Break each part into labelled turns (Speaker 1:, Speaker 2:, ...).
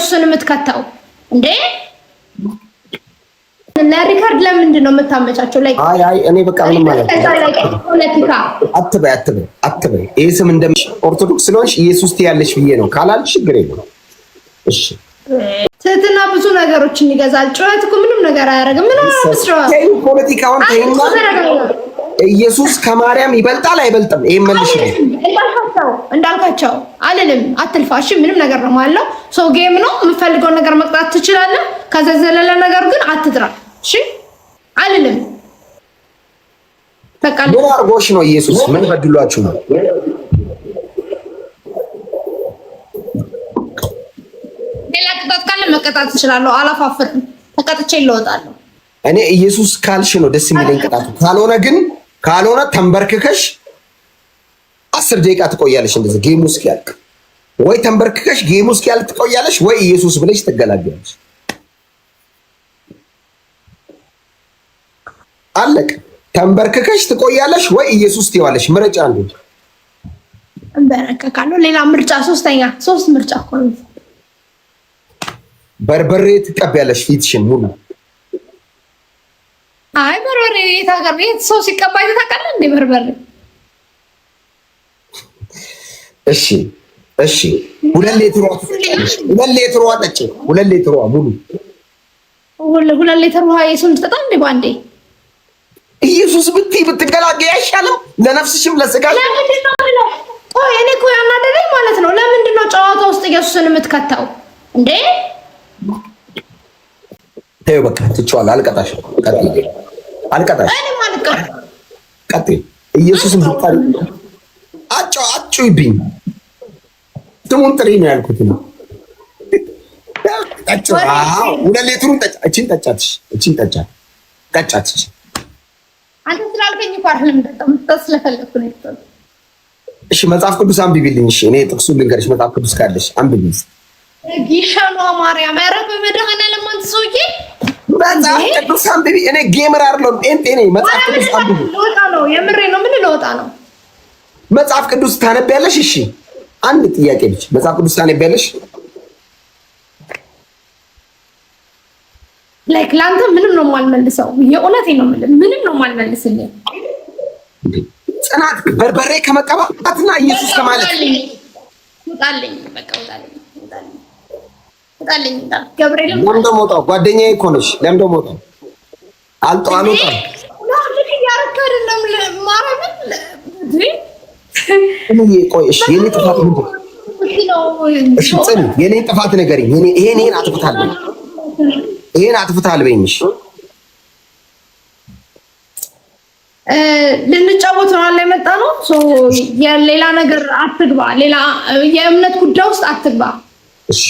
Speaker 1: እሱን የምትከተው እንዴ? እና ሪካርድ ለምንድን ነው የምታመቻቸው? ላይ
Speaker 2: አይ አይ እኔ በቃ ምንም ማለት አትበይ አትበይ አትበይ። ይሄ ስም እንደ ኦርቶዶክስ ስለሆንሽ ኢየሱስ ያለሽ ብዬ ነው ካላልሽ ችግር የለም። እሺ
Speaker 1: ትህትና ብዙ ነገሮችን ይገዛል። ጩኸት እኮ ምንም ነገር አያደርግም። ምን አስረው
Speaker 2: ፖለቲካውን ተይና ኢየሱስ ከማርያም ይበልጣል አይበልጥም? ይህ መልሽ። እንዳልካቸው
Speaker 1: እንዳልካቸው አልልም፣ አትልፋ። ምንም ነገር ነው ማለው። ሰው ጌም ነው የምፈልገውን ነገር መቅጣት ትችላለ። ከዘዘለለ ነገር ግን አትጥራ። እሺ አልልም።
Speaker 2: በቃ ምን አርጎሽ ነው? ኢየሱስ ምን በድሏችሁ ነው?
Speaker 1: ሌላ ቅጣት ካለ መቀጣት ትችላለሁ። አላፋፍርም። ተቀጥቼ ይለወጣለሁ።
Speaker 2: እኔ ኢየሱስ ካልሽ ነው ደስ የሚለኝ ቅጣቱ፣ ካልሆነ ግን ካልሆነ ተንበርክከሽ አስር ደቂቃ ትቆያለሽ። እንደዚህ ጌሙ እስኪያልቅ ወይ ተንበርክከሽ ጌሙ እስኪያልቅ ትቆያለሽ፣ ወይ ኢየሱስ ብለሽ ትገላገያለሽ። አለቅ ተንበርክከሽ ትቆያለሽ፣ ወይ ኢየሱስ ትይዋለሽ። ምረጫ አንዱ
Speaker 1: እንበረከካለሁ። ሌላ ምርጫ ሶስተኛ ሶስት ምርጫ እኮ ነው።
Speaker 2: በርበሬ ትቀቢያለሽ ፊትሽን ሙሉ
Speaker 1: የት ሀገር የት ሰው ሲቀባ ታውቃለህ? እንደ በርበሬ።
Speaker 2: እሺ፣ እሺ። ሁለት ሌትሯ ሁለት ሌትሯ ሁለት ሌትሯ ሙሉ፣
Speaker 1: ሁለት የሱን ባንዴ
Speaker 2: ኢየሱስ ብትይ ብትገላገ አይሻልም? ለነፍስሽም ለስጋሽ።
Speaker 1: እኔ እኮ ያናደደኝ ማለት ነው። ለምንድን ነው ጨዋታ ውስጥ ኢየሱስን የምትከተው እንዴ?
Speaker 2: ተይው በቃ ትችዋለህ። አልቀጣሽም። አልቀጣሽ። ቀጥ ኢየሱስን ብታሪ አጮ አጮ ይብኝ ስሙን ጥሪ ነው ያልኩት ነው። ጠጭ ሁለት ሌትሩን ጠጭ። እቺን ጠጫትሽ፣ እቺን ጠጫት፣ ጠጫትሽ።
Speaker 1: አንተ ስላልከኝ እኮ አይደለም ጠጣም ስለፈለኩ ነው።
Speaker 2: እሺ መጽሐፍ ቅዱስ አንብቢልኝ። እሺ እኔ ጥቅሱን ልንገርሽ፣ መጽሐፍ ቅዱስ ካለሽ አንብቢልኝ።
Speaker 1: ጊሻ ነው ማርያም። ኧረ በመድኃኒዓለም አንተ ሰውዬ
Speaker 2: መጽሐፍ ቅዱስ አንብቢ። እኔ ጌምር አይደለሁም፣ ጤንጤ ነኝ። መጽሐፍ ቅዱስ አንብቢ።
Speaker 1: ልወጣ ነው፣ የምሬ ነው። ምን ልወጣ ነው?
Speaker 2: መጽሐፍ ቅዱስ ታነቢያለሽ? እሺ፣ አንድ ጥያቄ ልጅ፣ መጽሐፍ ቅዱስ ታነቢያለሽ?
Speaker 1: ላይክ ለአንተ ምንም ነው የማልመልሰው። የእውነቴ ነው የምልህ፣ ምንም ነው የማልመልስልህ።
Speaker 2: ጽናት በርበሬ ከመቀባትና ኢየሱስ
Speaker 1: ከማለት ውጣልኝ፣ በቃ ውጣልኝ፣ ውጣልኝ ውጣልኝ ይላል ገብርኤል።
Speaker 2: ለምን ደሞ ጓደኛዬ እኮ ነሽ። ለምን ደሞ ወጣው? አልወጣም።
Speaker 1: ለምን እያረካ አይደለም ማረምን
Speaker 2: እኔ ቆይ፣ እሺ፣ የኔ ጥፋት ምንድን ነው? እሺ ፅን፣ የኔ ጥፋት ንገሪኝ። የኔ ይሄን ይሄን አጥፍታል በይኝ፣ ይሄን አጥፍታል በይኝ። እሺ
Speaker 1: ልንጫወት ነው አለ የመጣ ነው። ሌላ ነገር አትግባ፣ ሌላ የእምነት ጉዳይ ውስጥ አትግባ። እሺ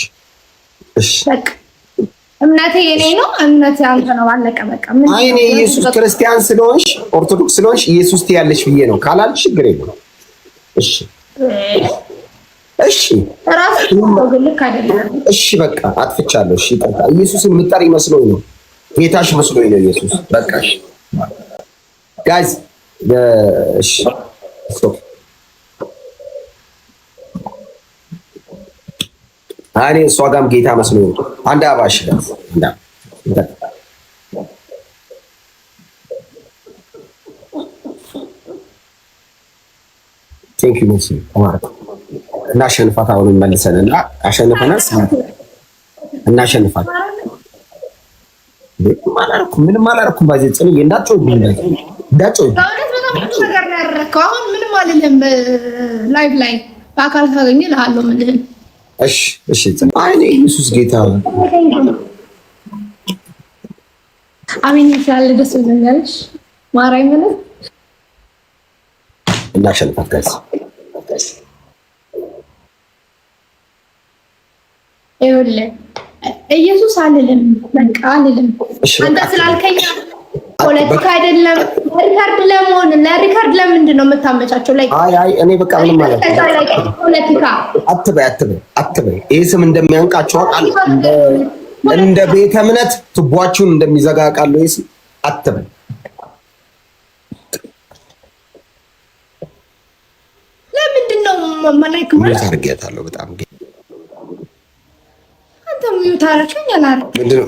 Speaker 1: እምነቴ የኔ ነው፣ እምነቴ አንተ ነው። አለቀ በቃ።
Speaker 2: አይ እኔ ኢየሱስ ክርስቲያን ስለሆንሽ ኦርቶዶክስ ስለሆንሽ ኢየሱስ ትያለሽ ብዬ ነው። ካላልሽ ችግር የለም። እሺ እሺ፣
Speaker 1: ራስ ልክ አይደለም።
Speaker 2: እሺ በቃ አጥፍቻለሁ። እሺ በቃ ኢየሱስን የምጠሪ መስሎኝ ነው፣ ጌታሽ መስሎኝ ነው ኢየሱስ። በቃ ጋይዝ እሺ እኔ እሷ ጋም ጌታ መስሎ ይወጡ አንድ አባሽ መልሰን እና ምንም አላደረኩም። ባዜ
Speaker 1: አሁን ምንም ላይቭ ላይ በአካል ልሃለሁ ምልህን
Speaker 2: እሺ እሺ። አይኔ ኢየሱስ ጌታ
Speaker 1: አሜን። ይችላል ደስ ብሎኛልሽ። ማራይ ምን
Speaker 2: እናሸንፋት ጋይስ።
Speaker 1: ይኸውልህ ኢየሱስ አልልም፣ በቃ አልልም። አንተ ስላልከኝ ፖለቲካ አይደለም ሪካርድ ለመሆን ለሪካርድ ለምንድን ነው የምታመቻቸው?
Speaker 2: ላይ አይ አይ እኔ በቃ ምንም ማለት አትበይ አትበይ አትበይ። ይህ ስም እንደሚያንቃቸው እንደ ቤተ እምነት ትቧችሁን እንደሚዘጋ ቃለሁ። ይህ ስም አትበይ ለምንድን ነው በጣም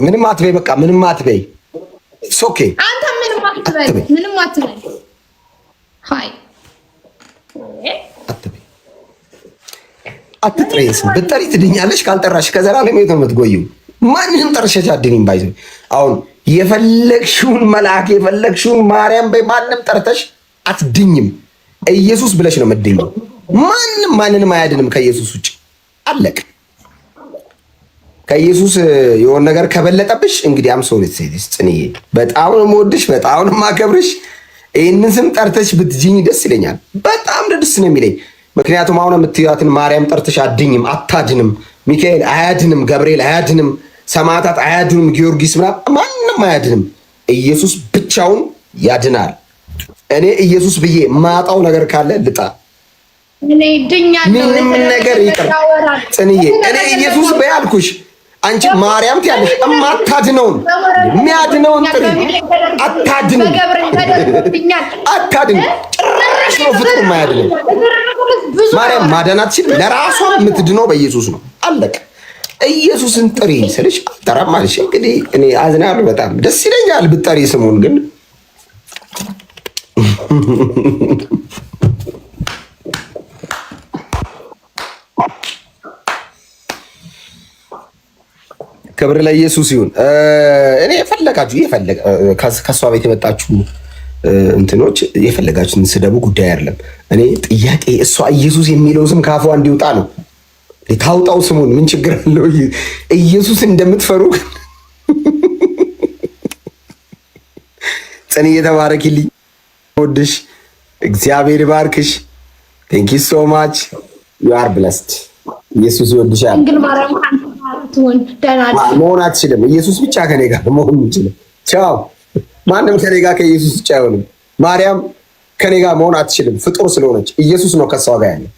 Speaker 2: ምንም አትበይ፣ በቃ ምንም አትበይ። ሶኬ
Speaker 1: አንተ አትበይ፣ ምንም አትበይ። ሀይ
Speaker 2: አትበይ፣ አትጥሬስ። ብትጠሪ ትድኛለሽ፣ ካልጠራሽ ከዘላለም የት ነው የምትጎይው? ማንንም ጠርሸሽ አድኝም ባይዘ አሁን የፈለግሽውን መልአክ የፈለግሽውን ማርያም በይ ማንም ጠርተሽ አትድኝም። ኢየሱስ ብለሽ ነው የምትድኝው። ማንም ማንንም አያድንም ከኢየሱስ ውጭ አለቅ ከኢየሱስ የሆነ ነገር ከበለጠብሽ እንግዲህ አም ሰውን ሴትስ ጽንዬ፣ በጣም ነው የምወድሽ፣ በጣም ነው የማከብርሽ። ይህንን ስም ጠርተሽ ብትጅኝ ደስ ይለኛል። በጣም ደስ ነው የሚለኝ። ምክንያቱም አሁን የምትያትን ማርያም ጠርተሽ አድኝም አታድንም። ሚካኤል አያድንም፣ ገብርኤል አያድንም፣ ሰማዕታት አያድንም፣ ጊዮርጊስ ምናምን ማንም አያድንም። ኢየሱስ ብቻውን ያድናል። እኔ ኢየሱስ ብዬ ማጣው ነገር ካለ ልጣ
Speaker 1: ምንም ነገር ይቅር
Speaker 2: ጽንዬ፣ እኔ ኢየሱስ በያልኩሽ አንቺ ማርያም ትያለሽ፣ እማታድነውን የሚያድነውን ጥሪ። አታድን አታድን፣ ጭራሽ ነው ፍጡር የማያድነው። ማርያም ማዳናት ሲል ለራሷ የምትድነው በኢየሱስ ነው። አለቀ። ኢየሱስን ጥሪ ስልሽ አልጠራም አለሽ። እንግዲህ እኔ አዝናለሁ። በጣም ደስ ይለኛል ብጠሪ ስሙን ግን ክብር ለኢየሱስ ይሁን። እኔ የፈለጋችሁ የፈለገ ከሷ ቤት የመጣችሁ እንትኖች የፈለጋችሁን ስደቡ፣ ጉዳይ አይደለም። እኔ ጥያቄ እሷ ኢየሱስ የሚለው ስም ከአፏ እንዲወጣ ነው። ታውጣው ስሙን ምን ችግር አለው? ኢየሱስ እንደምትፈሩ ጽን እየተባረክልኝ ወድሽ እግዚአብሔር ባርክሽ። ቴንኪ ሶ ማች ዩ አር ብለስድ ኢየሱስ ይወድሻል። አትሆን መሆን አትችልም። ኢየሱስ ብቻ ከኔ ጋር መሆን የሚችለው ቻው። ማንም ከኔ ጋር ከኢየሱስ ብቻ አይሆንም። ማርያም ከኔ ጋር መሆን አትችልም፣ ፍጡር ስለሆነች ኢየሱስ ነው ከሷ ጋር ያለው።